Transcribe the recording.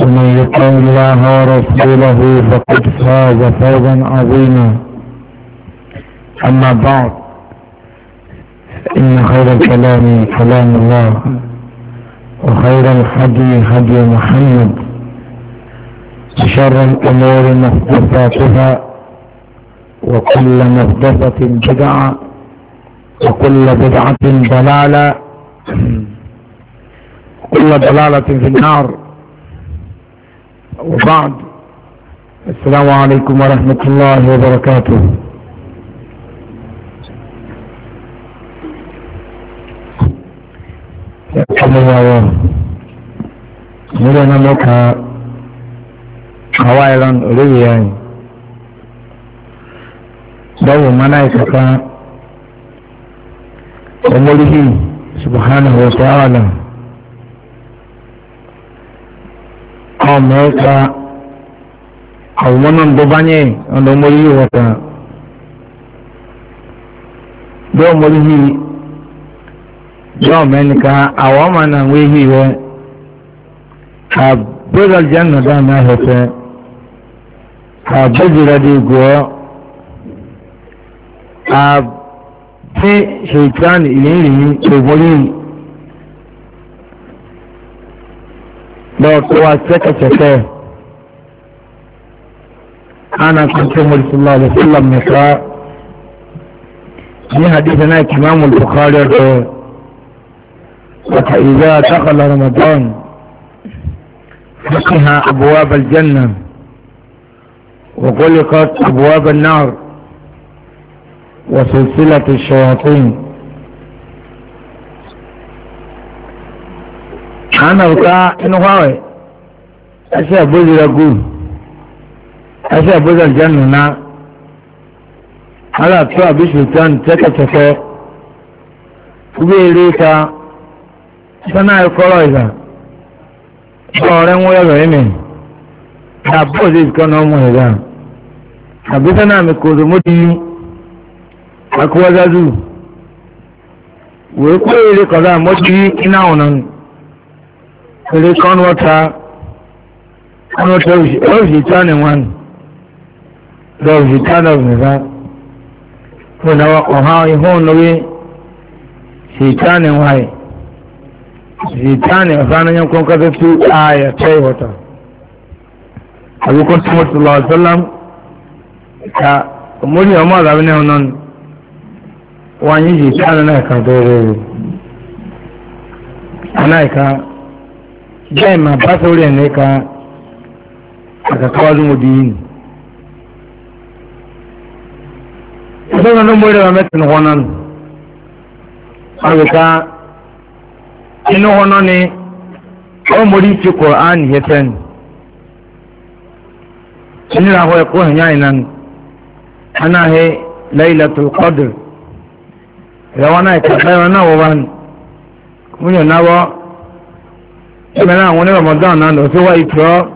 ومن يطع الله ورسوله فقد فاز فوزا عظيما اما بعد ان خير الكلام كلام الله وخير الهدي هدي محمد وشر الامور محدثاتها وكل محدثه بدعه وكل بدعه ضلاله كل ضلاله في النار وبعد السلام عليكم ورحمة الله وبركاته Nílé náà mọ́ ka àwa ìran olóyè ayé. Báwo mana ìkàkà ọmọlúhìn subhanahu wa ta'ala. ọmọọka àwọn ọdọbanye ọdọmọlẹ yìí wọta bí ọmọlẹ yìí bí ọmọẹnika àwọn ọmọ náà wọ ehi wọ àbúrò jẹ nnọdọ àná ahẹfẹ àbúrò dì gùọ àbí ṣètìlánì ìrìnrìn ọmọlẹ yìí. أنا كنت صلى الله عليه وسلم نساء في حديثنا إمام البخاري فإذا دخل رمضان فقها أبواب الجنة وغلقت أبواب النار وسلسلة الشياطين ana wuka inu hwawe ase abozi ragu ase abozi aljanna na ala to abi sultan teke teke kubeere ka sana ekoro iza ọrẹ ń wọ́yọ̀ lọ́yìn mi àbọ̀ òde ìkan náà mọ̀ ẹ̀dá àbí sánà mi kò sọmọ́ di akọ́wọ́sádù wòó kó èrè kọ̀ọ̀dà mọ́ di iná ọ̀nà nù. Ere Conwater, Conwater of the turning one, the of the turn of the van. When our Ohio Ihon away, she turning why. She turning of an young conqueror to I a tray water. I will continue to Lord Salam. Omori ọmọ àdàbí náà nọ ni wọ́n yí ṣe tí àná náà kàn tó rẹ̀ rẹ̀. Àná ìka dama ba saurin ne ka aka kawo mudini sauran nan mure ba metin honon abika inu honon ne o muri ci qur'an ya tan sinin aho ya ko hanya inan ana he lailatul qadr rawana ka kai wana wawan munyo nawo ìmẹ́lẹ̀ àwọn onírọ̀mọ́dán náà lọ sí wá ìtọ́